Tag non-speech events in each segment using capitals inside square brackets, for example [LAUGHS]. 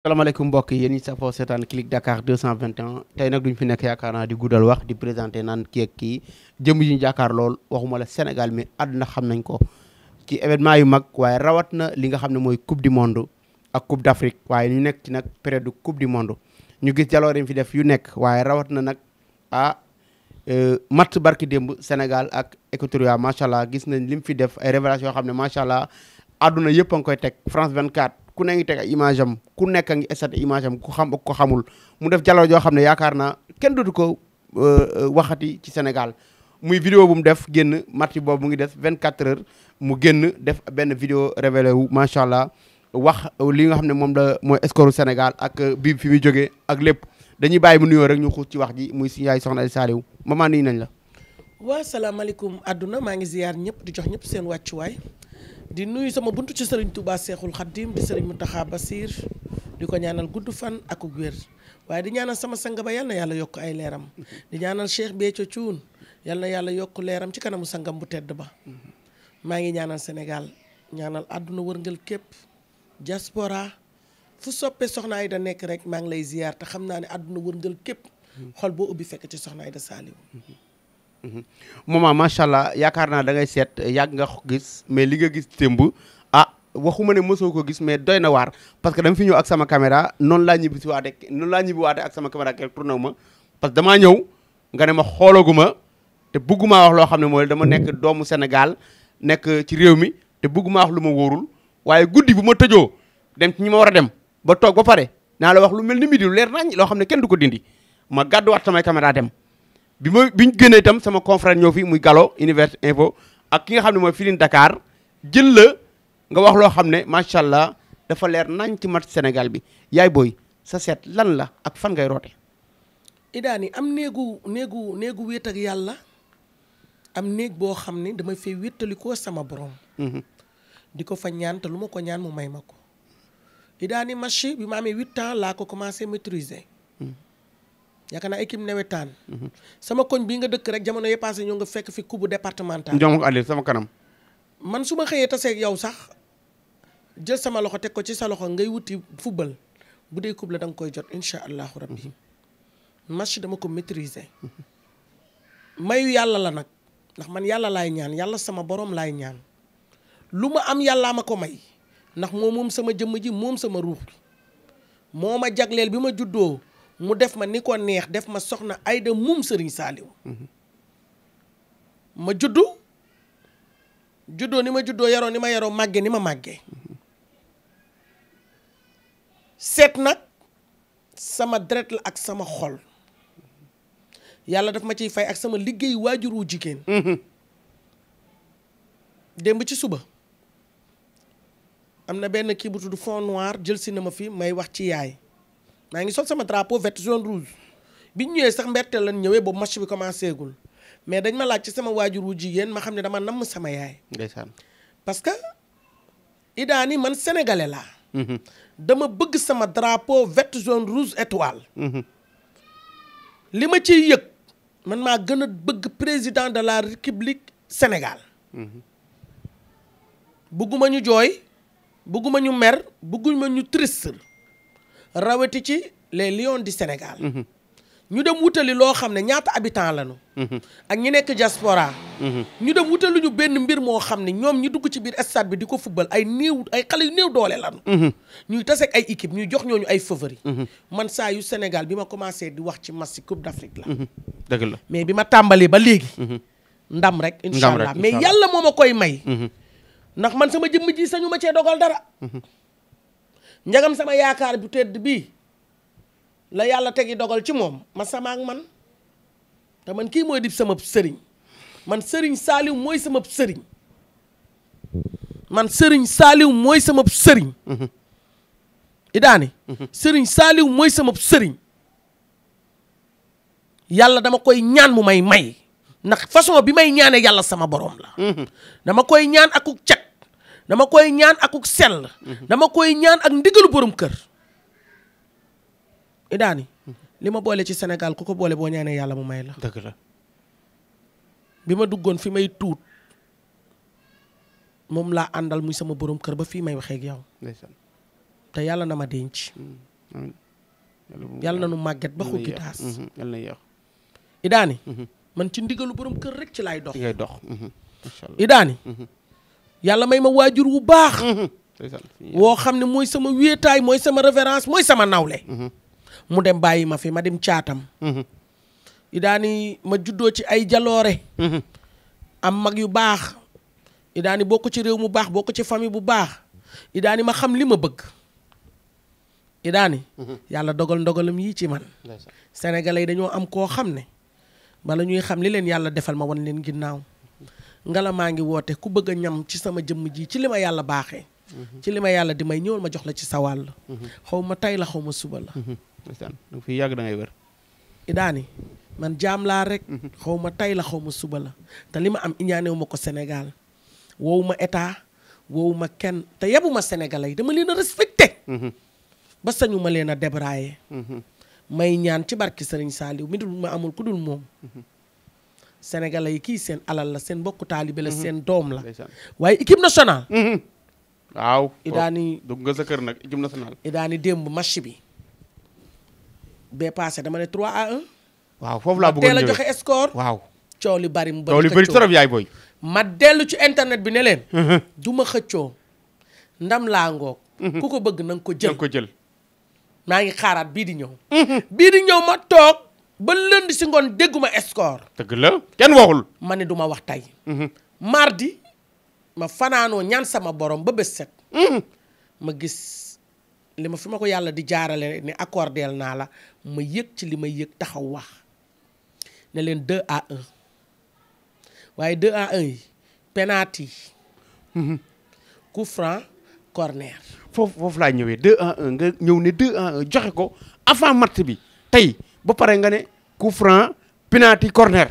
salaamaaleykum mbokk yéen ñi safoo seetaan Click Dakar 221 tey nag duñ fi nekk yaakaar naa di guddal wax di présenté naan kii ak kii jëm ñu jàkkaar lool waxuma la Sénégal mi adduna xam nañ ko ci événement yu mag waaye rawat na li nga xam ne mooy coupe du monde ak coupe d'Afrique waaye ñu nekk ci nag période coupe du monde ñu gis jaloorem fi def yu nekk waaye rawat na nag ah euh, match barki démb Sénégal ak Équatorial macha allah gis nañ lim fi def ay révélation yoo xam ne macha allah àdduna yëpp ngi koy teg France 24 ku ne ngi teg image ku nekk a ngi image am ku xam ak ko xamul mu def jalo joo xam ne yaakaar naa kenn dootu ko euh, euh, waxati ci Sénégal muy vidéo bu mu def génn marti boobu mu ngi def 24 heures mu génn def benn vidéo révélé wu macha allah wax li nga xam ne moom la mooy escoru Sénégal ak euh, bi fi muy jógee ak lépp dañuy bàyyi mu nuyoo rek ñu xuus ci wax ji muy si yaay soxna Saliou maman nii nañ la. waaw salaamaaleykum àdduna maa ngi ziyaar ñëpp di jox ñëpp seen wàccuwaay. di nuyu sama buntu ci sëriñ Touba Seexul Xaddim di sëriñ Mountakha Bassir di ko ñaanal gudd fan ak wér waaye di ñaanal sama sang ba yal na yàlla yokk ay leeram di ñaanal Cheikh Béthio Thioune yal na yàlla yokk leeram ci kanamu sangam bu tedd ba maa ngi ñaanal Sénégal ñaanal àdduna wërngël képp diaspora fu soppee soxna Aida nekk rek maa ngi lay ziyaar te xam naa ne àdduna wërngël képp xol boo ubbi fekk ci soxna Aida Saliou moment macha allah yaakaar naa da ngay seet yàgg nga gis mais li nga gis témb ah waxuma ne mosoo ko gis mais doy na waar parce que dama fi ñëw ak sama caméra noonu laa ñibbi si waate laa ñibbi waate ak sama caméra keroog tourné wu ma parce que damaa ñëw nga ne ma xoolaguma te bëgguma wax loo xam ne mooy dama nekk doomu Sénégal nekk ci réew mi te bëgguma lu ma wóorul waaye guddi bu ma tëjoo dem ci ma war a dem ba toog ba pare naa la wax lu mel ni midi leer nañ loo xam ne kenn du ko dindi ma wax samay caméra dem bi ma bi ñu génnee itam sama confrère ñëw fi muy Gallo Univers Info ak ki nga xam ne mooy Feeling Dakar jël la nga wax loo xam ne macha allah dafa leer nañ ci match Sénégal bi yaay booy sa seet lan la ak fan ngay roote. idaani am néegu néegu néegu wéet ak yàlla am néeg boo xam ne dama fee wéttali ko sama borom. Mhm. di ko fa ñaan te lu ma ko ñaan mu may ma ko. idaani match bi ma amee huit ans laa ko commencé maîtriser. yaakaar naa équipe nawetaan mhm. sama koñ bii nga dëkk rek jamono yee ñoo nga fekk fi coupe départementale ñoo ko sama kanam man su ma xëyee taseeg yow sax jël sama loxo teg ko ci sa loxo ngay wuti football bu dee coupe la da nga koy jot incha allahu rabbi mhm. match dama ko maîtriser mayu yàlla la nag ndax man yàlla laay ñaan yàlla sama borom laay ñaan lu ma am yàllaa ma ko may ndax moo moom sama jëmm ji moom sama ruux bi moo ma jagleel bi ma juddoo mu def ma ni ko neex def ma soxna Aida moom Serigne Saliou mm-hmm. ma juddu juddoo ni ma juddoo yaroo ni ma yaroo màggee ni ma màggee mm-hmm. seet nag sama deret la ak sama xol yàlla daf ma ciy fay ak sama liggéey waajur wu jigéen mm-hmm. démb ci suba am na benn kii bu tudd fond noir jël si na ma fi may wax ci yaay maa ngi sol sama drapeau vert jaune rouge bi ñu ñëwee sax mberteel lan ñëwee boobu match bi commencé gul mais dañ ma laaj ci sama waajur wu jigéen ma xam ne dama namm sama yaay. ndeysaan parce que Ida ni man sénégalais laa. Mhm. dama bëgg sama drapeau vert jaune rouge étoile. Mhm. li ma ciy yëg man maa gën a bëgg président de la république Sénégal. Mhm. bëgguma ñu jooy bëgguma ñu mer bëgguma ñu triste. rawati ci les lions du Sénégal. ñu dem wutali loo xam ne ñaata habitants lañu. ak ñi nekk diaspora. ñu dem wutali ñu benn mbir moo xam ne ñoom ñu dugg ci biir stade bi di ko football ay néew ay xale yu néew doole lañu. ñuy taseeg ay équipe ñuy jox ñooñu ay favori. man saa yu Sénégal bi ma commencé di wax ci match ci Coupe d'Afrique la. dëgg la mais bi ma tàmbalee ba léegi. ndam rek incha allah mais yàlla moo a koy may. ndax man sama jëmm ji sañu ma cee dogal dara. njagam sama yaakaar bu tedd bi la yàlla tege dogal ci moom ma sama ak man te man kii mooy dib sama sëriñ man sëriñ saaliw mooy sama sëriñ man sëriñ saaliw mooy sama sëriñ mhm. idaani mhm. sëriñ saaliw mooy sama sëriñ yàlla dama koy ñaan mu may may ndax façon bi may ñaanee yàlla sama borom la mhm. dama koy ñaan akuk cag dama koy ñaan akuk sell mhm. dama koy ñaan ak ndiggalu borom kër idaani li ma boole ci senegal ku ko boole boo ñaanee yàlla mu may la dëgg la bi ma duggoon fi may tuut moom laa àndal muy sama borom kër ba fii may waxee ak yow te yàlla na ma denc mm. yàlla na nu màgget ba xuggi taas mm-hmm. idaani mm-hmm. man ci ndigalu borom kër rek ci lay dox mm-hmm. idaani yàlla may ma waajur wu baax. Mhm. woo xam ne mooy sama wéetaay mooy sama révérence mooy sama nawle. Mhm. mu dem bàyyi ma fi ma dem caatam. Mhm. idaani ma juddoo ci ay jaloore. am mag yu baax. idaani bokk ci réew mu baax bokk ci famille bu baax. idaani ma xam li ma bëgg. idaani. yàlla dogal ndogalam yii ci man. sénégalais yi dañoo am koo xam ne. bala ñuy xam li leen yàlla defal ma wan leen ginnaaw. ngala maa ngi woote ku bëgg a ñam ci sama jëmm jii ci li ma yàlla baaxee. ci li ma yàlla di may ñëwal ma jox la ci sa wàll. xaw ma tey la xaw ma suba la. ndeysaan fii yàgg da ngay wér. man jaam laa rek. Mhm. xaw ma tey la xaw ma suba la te li ma am iñaanewu ma ko senegal woowu ma état woowu kenn te yabu ma sénégalais dama leen a respecté. Mhm. ba sañu leen a débrayer. Mhm. may ñaan ci barki Serigne Saliou mi ma amul ku dul moom. sénégalais yi kii seen alal la seen mbokku taalibe la mhm. seen doom la waaye équipe nationale mhm. waaw idaani dugg nga sa kër nag équipe nationale idaani démb match bi bee passé dama ne 3 à 1 waaw foofu laa bëggoon ñëwee teel a li bari mu bari bëri trop yaay booy ma dellu ci internet bi ne leen mhm. du ma xëccoo ndam laa ngoog ku ko bëgg na ko jël na maa ngi xaaraat bii di ñëw bii di ñëw ma toog ba lënd si ngoon dégguma score. dëgg la kenn waxul. ma ne duma wax tey. Mhm. mardi ma fanaanoo ñaan sama borom ba bés set. Mhm. ma gis li ma fi ma ko yàlla di jaarale ni accordeel naa la ma yëg ci li ma yëg taxaw wax ne leen 2 à 1 waaye 2 à 1 yi penalty yi. Mhm. franc corner. foofu foofu laa ñëwee 2 à 1 nga ñëw ne 2 à 1 joxe ko avant match bi tey. ba pare nga ne coufrant franc penalty corner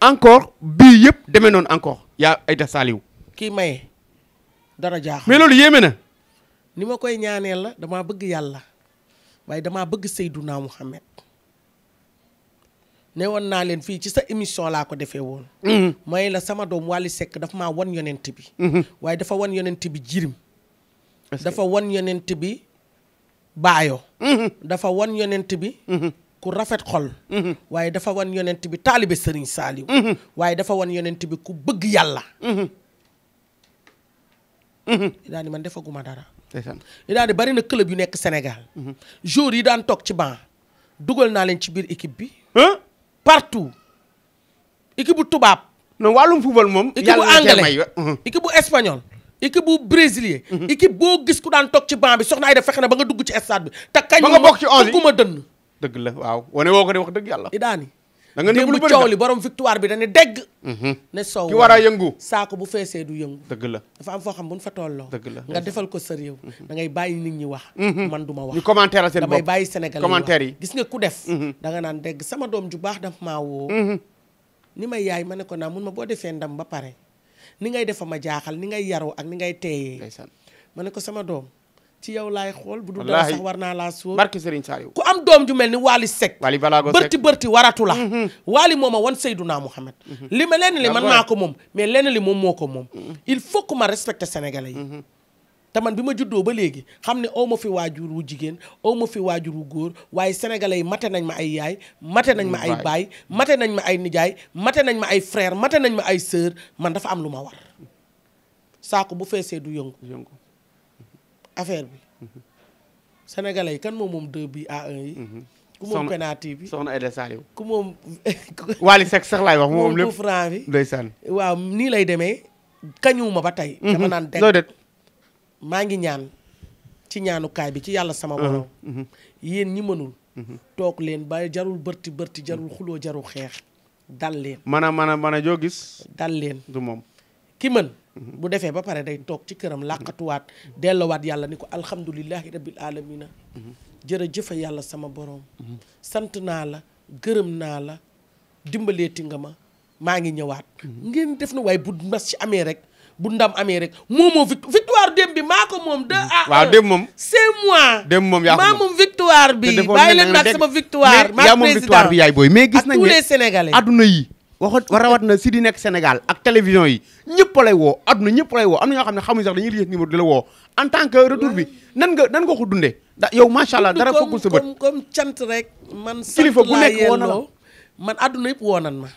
encore bii yépp demee noonu encore yaa ay Aïda Saliou kii maye dara jaaxal mais loolu yéeme na ni ma koy ñaanee la damaa bëgg yàlla waaye damaa bëgg Seydouna Mouhamed ne woon naa leen fii ci sa émission laa ko defee woon mm-hmm. may la sama doom Wally Seck dafa maa won yonent bi mm-hmm. waaye dafa won yonent bi jirim dafa wan yonent bi baayo mm-hmm. dafa wan yonent bi ku rafet xol mm-hmm. waaye dafa wan yonent bi taalibe sëriñ saaliw mm-hmm. waaye dafa wan yonent bi ku bëgg yàlla li daan di man defaguma dara li daan bari na club yu nekk Sénégal mm-hmm. jour yi daan toog ci banc dugal naa leen ci biir équipe bi partout équipe bu tubaab non wàllum football moom équipe bu anglais équipe bu espagnol équipe bu brésilien équipe boo ku daan toog ci banc bi soxna ay def fexe na ba nga dugg ci stade bi te kañ ba nga bokk dëgg la waaw wane woo ko de wax dëgg yàlla i daani da nga nëbb lu bëri coow li borom victoire bi dana dégg mhm. ne soow ki war a yëngu saako bu feesee du yëngu dëgg la dafa am foo xam bu ñu fa tolloo dëgg la nga defal ko sérieux mhm. da ngay bàyyi nit ñi wax mhm. man du ma wax ñu commentaire seen bopp damay bàyyi Sénégal commentaire yi gis nga ku def da nga naan dégg sama doom ju baax daf maa ni may yaay ma ne ko naa mun ma boo defee ndam ba pare ni ngay defa ma jaaxal ni ngay yaroo ak ni ngay teeyee ma ne ko sama doom ci yow laay xool bu dul dara sax war naa laa sóor barki Serigne Saliou ku am doom ju mel ni Waly Seck Waly Balago Seck bërti bërti waratu la mm-hmm. Waly moom a wan Seydouna Mouhamed mm-hmm. li ma lenn li man maa ko moom mais lenn li moom moo ko moom mm-hmm. il faut que ma respecte sénégalais yi te man bi ma juddoo ba léegi xam ne aw ma fi waajur wu jigéen aw ma fi waajur wu góor waaye sénégalais yi mate nañ ma ay yaay mate nañ ma ay baay mate nañ ma ay nijaay mate nañ ma ay frère mate nañ ma ay sœur man dafa am lu ma war bu feesee du yëngu affaire bi sénégalais yi kan moom moom deux bi à un yi mhm. ku moom penalty bi soxna Aïda Saliou ku moom [LAUGHS] Wally Seck sax laay wax moom lépp franc bi waaw nii lay demee kañuwuma ba tey mhm. dama naan deg maa ngi ñaan ci ñaanukaay bi ci yàlla sama mhm. borom yéen ñi mënul toog leen ba jarul bërti bërti jarul xuloo jarul xeex dal leen mana mana mana joo gis dal leen ki mën bu defee ba pare day toog ci këram làqatuwaat dellowaat yàlla ni ko alhamdulilahi rabbil alamina jërëjëfa yàlla sama borom sant naa la gërëm naa la dimbaleeti nga ma maa ngi ñëwaat ngeen def na waaye bu mas ci amee rek bu ndam amee rek moom victoire démb bi maa ko moom. de ah waaw moom. c'est moi démb moom yaa ko moom maa moom victoire bi bàyyi leen nag sama victoire. maa président yaa yaay booy mais gis nañ ne ak tous les yi. waxut rawat na si di nekk Sénégal ak télévision yi ñëpp lay woo àdduna ñëpp lay woo am na ñoo xam ne xamuñ sax dañuy liggéey numéro di la woo en tant que retour bi nan nga nan nga ko dundee da yow macha allah dara foogul sa bët comme comme rek man kilifa bu nekk na la man àdduna yëpp woo nan ma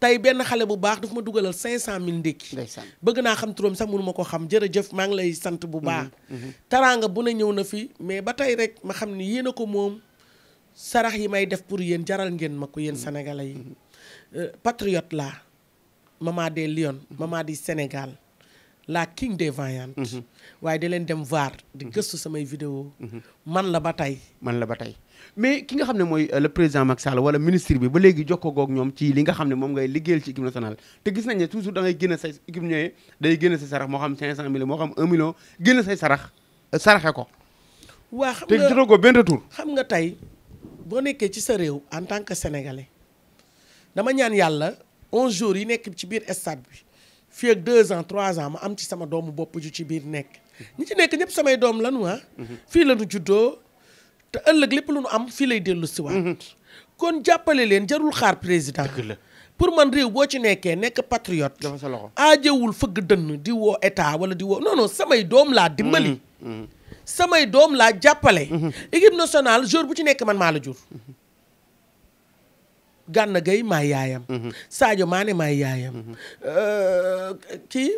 tey benn xale bu baax dafa ma dugalal cinq cent mille ndékki bëgg naa xam turam sax mënu ma ko xam jërëjëf maa ngi lay sant bu baax mm-hmm, mm-hmm. taraanga bu ne ñëw na fi mais ba tey rek ma xam ne yéen a ko moom sarax yi may def pour yéen jaral ngeen ma yéen mm-hmm. sénégalais yi Euh, patriote la maman des lions mhm. maman du Sénégal laa king des vaillantes mhm. waaye da leen dem voir di mhm. gëstu samay video man la ba tey man la ba tey mais ki nga xam ne mooy euh, le président Macky Sall wala ministre bi ba léegi jokkoo ak ñoom ci li nga xam ne moom ngay liggéeyal ci équipe nationale te gis nañ ne toujours da ngay génne say équipe ñëwee day génne say sarax moo xam 500 millions moo xam 1 million génne say sarax euh, saraxe ko waa xam nga ko benn xam nga tey boo nekkee ci sa réew en tant que sénégalais dama ñaan yàlla 11 jours yi nekk ci biir stade bi fii ak 2 ans 3 ans ma am ci sama doomu bopp ju ci biir nekk. ñi ci nekk ñëpp samay doom lanu ah. fii la nu juddoo te ëllëg lépp lu nu am fii lay dellu si waat mhm. kon jàppale leen jarul xaar président. pour man réew boo ci nekkee nekk patriote. dafa sa loxo aajewul fëgg dënn di woo état wala di woo non samay doom laa dimbali. Mhm. Mhm. samay doom laa jàppale. équipe national jour bu ci nekk man maa la jur. Gana Gueye ma yaayam. Mm-hmm. Sadio Mané maay yaayam. Mm-hmm. Euh, kii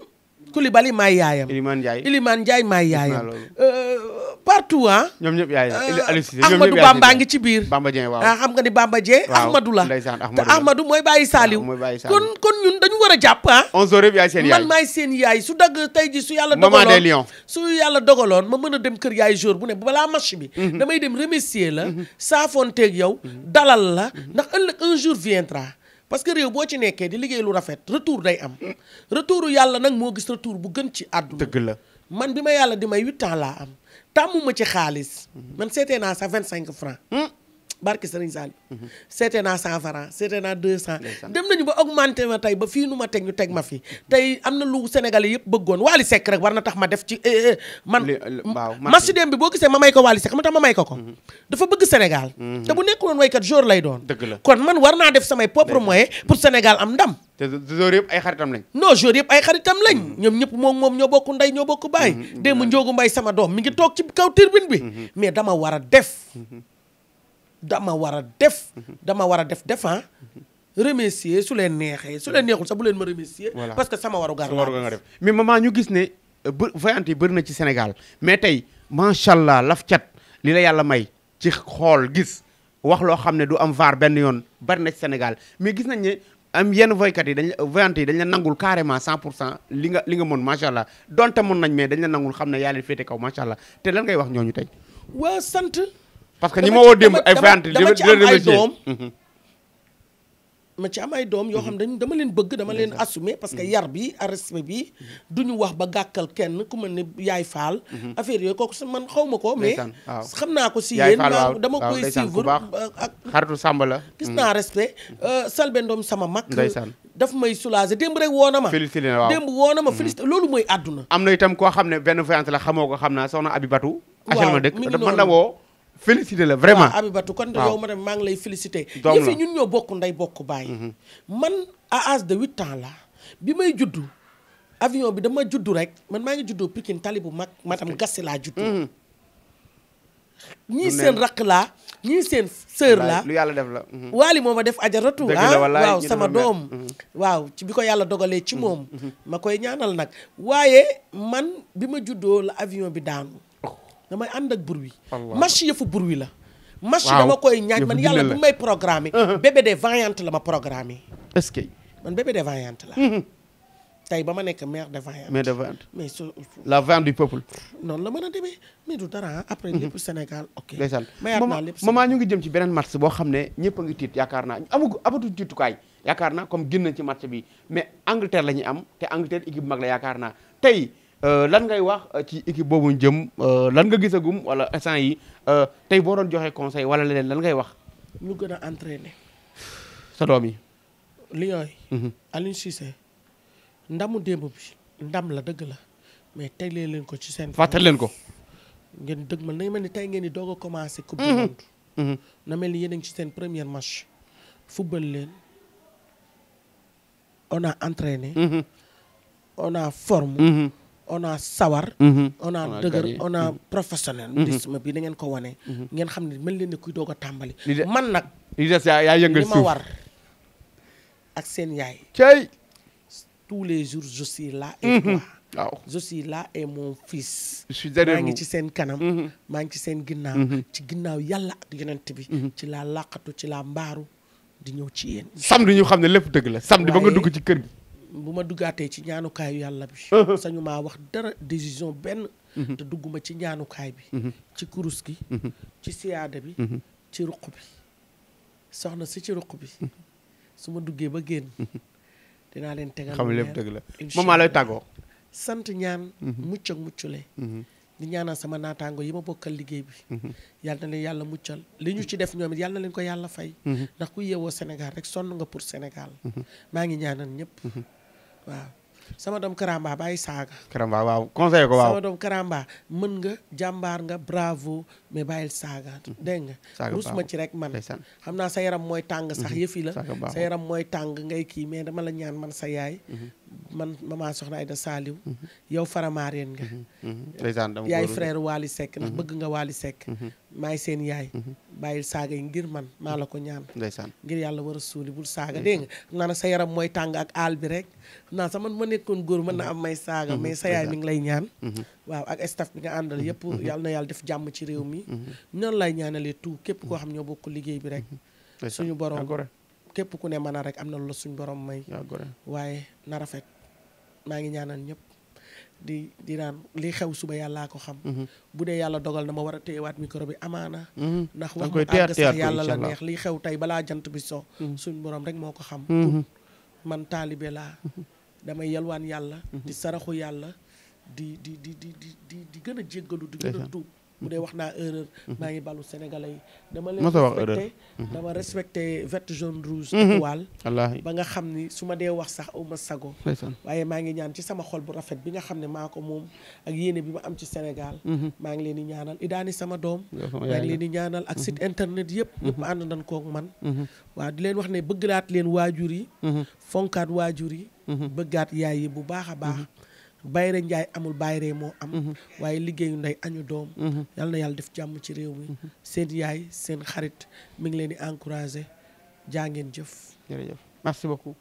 Koulibaly maay yaayam. Ilimane Ndiaye Ilimane Ndiaye maay yaayam. Euh, partout ah. ñoom ñëpp yaay euh, Aliou Cissé ñoom ñëpp Ahmadou Bamba ngi ci biir. Bamba Dieng waaw ah, xam nga ni Bamba Dieng. waaw Ahmadou la te Ahmadou mooy Baye Saliou. kon kon ñun dañu war a jàpp ah. onze heures maay seen su dagg tey ji su yàlla. dogaloon maman des lions su yàlla ma mën a dem kër yaay jour bu ne balaa match bi. Mhm. damay dem remercier la. Mhm. saafonteeg yow. dalal la mhm. ndax ëllëg un jour viendra parce que réew boo ci nekkee di liggéey lu rafet retour day am retour yàlla nag moo gis retour bu gën ci àdduna dëgg la man bi ma yàlla di may huit ans laa am tàmmuma ci xaalis man seetee naa sax vingt cinq francs barke Serigne Saliou. Mhm. seete naa cent francs seete naa deux cent. dem nañu ba augmenté ma tey ba fii nu ma teg ñu teg ma fi. tey am na lu Sénégalais yëpp bëggoon waali sekk rek war na tax ma def ci eh, eh, man. waaw match dem bi boo gisee ma may ko Wally Seck ma tax ma may ko ko. Mhm. dafa bëgg Sénégal. Mhm. te bu nekkuloon waykat jour lay doon. dëgg la kon man war naa def samay propre moyen pour Sénégal am ndam. te yëpp ay xaritam lañ. non joueurs yëpp ay xaritam lañ. ñoom ñëpp moom moom ñoo bokku ndey ñoo bokk baay. démb Njóogu Mbay sama doom mi ngi toog ci kaw turbine bi. mais dama war a def. dama war a def dama war a def defan ah. remercier su leen neexee su leen neexul sax bu leen ma remercier parce que sama waru gar nga def mais maman ñu gis ne euh, bë voyante yi bëri na ci Sénégal mais tey macha allah laf cat li la yàlla may ci xool gis wax loo xam ne du am vaar benn yoon bari na ci Sénégal mais gis nañ ne am yenn voykat yi dañ voyante yi dañ la nangul carrément cent pour cent li nga li nga mën macha allah donte mën nañ mais dañ la nangul xam ne yaa leen féete kaw macha allah te ngay wax ñooñu tey. waa parce que ñi ma woo démb ay fayant dama ci am ay doom mhm. ma ci am ay doom yoo xam dañ dama leen bëgg dama leen assumer parce que mhm. yar bi respect bi mhm. ñu wax ba gàkkal kenn ku mel ne yaay faal affaire yooyu kooku man xaw ma ko mais xam naa ko si yéen dama koy suivre euh, ak xaritu sàmba la gis naa respect euh, Selbé Ndom sama mag daf may soulager demb rek woo na ma félicité na waaw loolu mooy àdduna am na itam koo xam ne benn voyante la xamoo ko xam naa soxna Abibatu acel ma dëkk man woo félicité la vraiment waaw Abibatou kon yow ma dem maa ngi lay félicité yëf yi ñun ñoo bokk ndey bokk bàyyi mhm. man a âge de huit ans la bi may juddu avion bi dama juddu rek man maa ngi juddoo Pikine tali bu mag madame Gassé laa juddu mhm. ñii seen rakk laa ñii seen sœur laa yàlla def la mhm. waali moo ma def ajaratu ah waaw sama doom waaw ci bi ko yàlla dogalee ci moom ma koy ñaanal nag waaye man bi ma juddoo la avion bi daanu damay ànd ak bur wi marche yëfu bur la marche dama koy ñaan man yàlla bu may programmer uh-huh. bébé des vaillantes la ma programmer est que man bébé des vaillantes la mm-hmm. tey ba ma nekk mère de vaillante mère de vaillante noonu la mën a demee mais du dara après mm-hmm. lépp Sénégal ok ndeysaan mayaat naa ñu ngi jëm ci beneen match boo xam ne ñëpp a ngi tiit yaakaar naa amagu amatu tiitukaay yaakaar naa comme génn ci match bi mais Angleterre la ñuy am te Angleterre équipe mag la yaakaar na tey Euh, lan ngay wax euh, ci équipe boobu jëm euh, lan nga gisagum wala instant yi tey boo doon joxe conseil wala leneen lan ngay wax. ñu gën a entraîner. sa doom yi. Lions yi. Mhm. Aliou Cissé ndamu démb bi ndam la dëgg la mais teglee leen ko ci seen. fàttali leen ko. ngeen dëgg man nañ mel ni tey ngeen di doog a commencé. coupe du mhm. Mhm. na mel ni yéen a ngi ci seen première match. football leen on a entraîné. on on sawar. Mm-hmm. ona a dëgër on a mm-hmm. professionnel. Mm-hmm. disme bi na ngeen ko wane. ngeen xam ne mel leen ne kuy doog a tàmbali. man nag. li yaa yëngal suuf li ma war ak seen yaay. cey. tous les jours je suis là et toi. waaw je suis ngi ci seen kanam. maa ngi ci seen ginnaaw. ci ginnaaw yàlla ak yonent bi. ci la làqatu ci laa mbaaru di ñëw ci yéen. samedi ñu xam ne lépp dëgg la sam samedi ba nga dugg ci kër gi. bu ma duggaatee ci ñaanukaayu yàlla bi uh-huh. sañu maa wax dara décision benn uh-huh. te dugguma ci ñaanukaay bi uh-huh. ci kurus gi ci siyaada bi ci ruq bi soxna si ci ruq bi su ma duggee ba génn dinaa leen tegal xam lépp dëgg la maman lay tàggoo sant ñaan mucc ak muccule di ñaanal sama naataango yi ma bokkal liggéey bi yal na leen yàlla muccal li ñu ci def ñoom it yal leen ko yàlla fay ndax ku yeewoo Sénégal rek sonn nga pour Sénégal maa ngi ñaanal ñëpp waaw sama doom karamba bàyyi saaga. karamba waaw conseil ko waaw sama doom karamba mën nga jàmbaar nga bravo mais bàyyil saaga. dégg nga rus ma ci rek man. xam naa sa yaram mooy tàng sax mhm. yëfi la. sa yaram mooy tàng ngay kii mais dama la ñaan man sa yaay. Mhm. man maman soxna ay da Saliou. Mhm. yow faramaareen nga. yaay frère Wally Seck ndax bëgg nga Wally Seck. maay seen yaay. Mhm. bàyyil saaga yi ngir man maa la ko ñaan. ndeysaan ngir yàlla war a suuli bul saaga dégg nga. xam naa ne sa yaram mooy tàng ak aal bi rek naa sa man ma nekkoon góor mën na mhm. am may saaga. Mhm. mais sa yaay mi ngi lay ñaan. waaw ak staff bi nga àndal yëpp. yàlla na yàlla def jàmm ci réew mi. ñoom lay ñaanalee tout képp koo xam ñoo bokk liggéey bi rek. suñu borom képp ku ne mën a rek am na loolu suñu borom may. waaye na rafet maa ngi ñaanal ñëpp. di di naan li xew suba yàllaa ko xam. Mhm. bu dee yàlla dogal na ma war a téyewaat micro bi amaana. Mhm. ndax wax mu àgg sax yàlla la neex lii xew tey balaa jant bi so. Mhm. suñ borom rek moo ko xam. man taalibe laa. damay yalwaan yàlla. di saraxu yàlla di di di di di di gën a jéggalu di gën a tuub. bu dee wax naa erreur. Mhm. maa ngi balu sénégalais yi. dama leen respecté mhm. dama respecté vert jaune rouge. Mhm. étoile ba nga xam ni su ma dee wax sax aw ma sago. waaye maa ngi ñaan ci sama xol bu rafet bi nga xam ne maa ko moom ak yéene bi ma am ci Sénégal. maa ngi leen di ñaanal idaani sama doom. maa ngi leen di ñaanal ak site internet yëpp. ñëpp ànd nañ koog man. waa di leen wax ne bëgglaat leen waajur yi. fonkaat waajur yi. bëggaat yaay yi bu baax a baax. bayre njaay amul bayre moo am mhm. waaye liggéeyu ndey añu doom mhm. yal na yàlla def jàmm ci réew mi mhm. seen yaay seen xarit mi ngi leen di encouragé jaa ngeen jëf jërëjëf merci